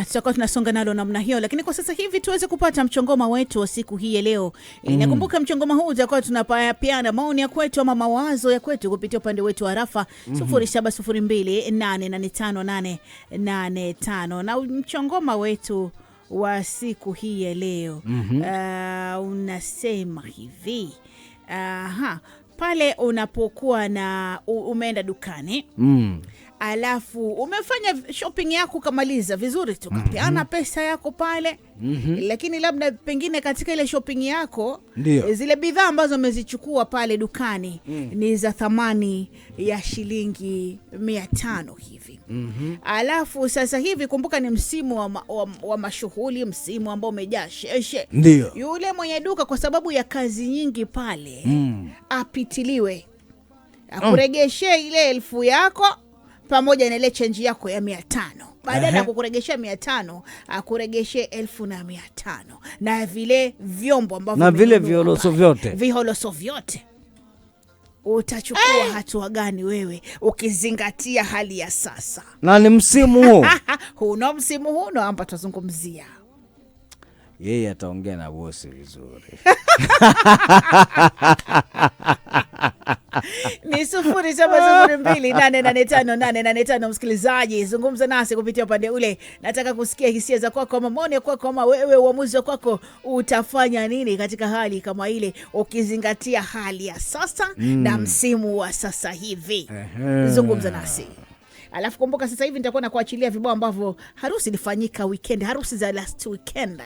tutakuwa tunasonga nalo namna hiyo, lakini kwa sasa hivi tuweze kupata mchongoma wetu wa siku hii ya leo. Mm. Nakumbuka mchongoma huu utakuwa tunapapiana maoni ya kwetu ama mawazo ya kwetu kupitia upande wetu wa rafa mm -hmm. 0702885885 na mchongoma wetu wa siku hii ya leo mm -hmm. uh, unasema hivi aha, pale unapokuwa na umeenda dukani mm alafu umefanya shopping yako ukamaliza vizuri tu kapeana mm -hmm. pesa yako pale mm -hmm. Lakini labda pengine katika ile shopping yako Ndiyo. Eh, zile bidhaa ambazo umezichukua pale dukani mm. ni za thamani ya shilingi mia tano hivi mm -hmm. Alafu sasa hivi kumbuka, ni msimu wa, ma, wa, wa mashughuli, msimu ambao umejaa sheshe. Ndiyo. Yule mwenye duka kwa sababu ya kazi nyingi pale mm. apitiliwe mm. akuregeshe mm. ile elfu yako pamoja na ile chenji yako ya mia tano badala ya kukuregeshea mia tano akuregeshe ah, elfu na mia tano na vile vyombo ambavyo na vile viholoso vyote viholoso vyote utachukua hey! Eh! hatua gani wewe ukizingatia hali ya sasa na ni msimu huu huno msimu huno amba tutazungumzia yeye ataongea na bosi vizuri ni sufuri saba sufuri mbili nane nane tano nane nane tano. Msikilizaji, zungumza nasi kupitia upande ule, nataka kusikia hisia za kwako ama maoni ya kwako ama wewe uamuzi wa kwako, utafanya nini katika hali kama ile, ukizingatia hali ya sasa mm. na msimu wa sasa hivi. Zungumza nasi. Alafu kumbuka sasa hivi nitakuwa nakuachilia vibao ambavyo harusi ilifanyika weekend, harusi za last weekend.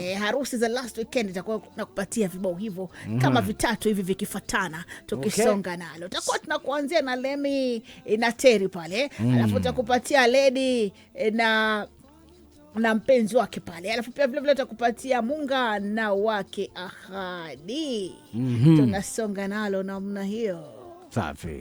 E, harusi za last weekend nitakuwa nakupatia vibao hivyo -huh. kama mhm. vitatu hivi vikifatana tukisonga okay. nalo tutakuwa tunakuanzia na Lemi eh, na Teri pale mm. alafu takupatia Ledi na na mpenzi wake pale, alafu pia vilevile atakupatia Munga na wake Ahadi mm -hmm. tunasonga nalo namna hiyo. sabe.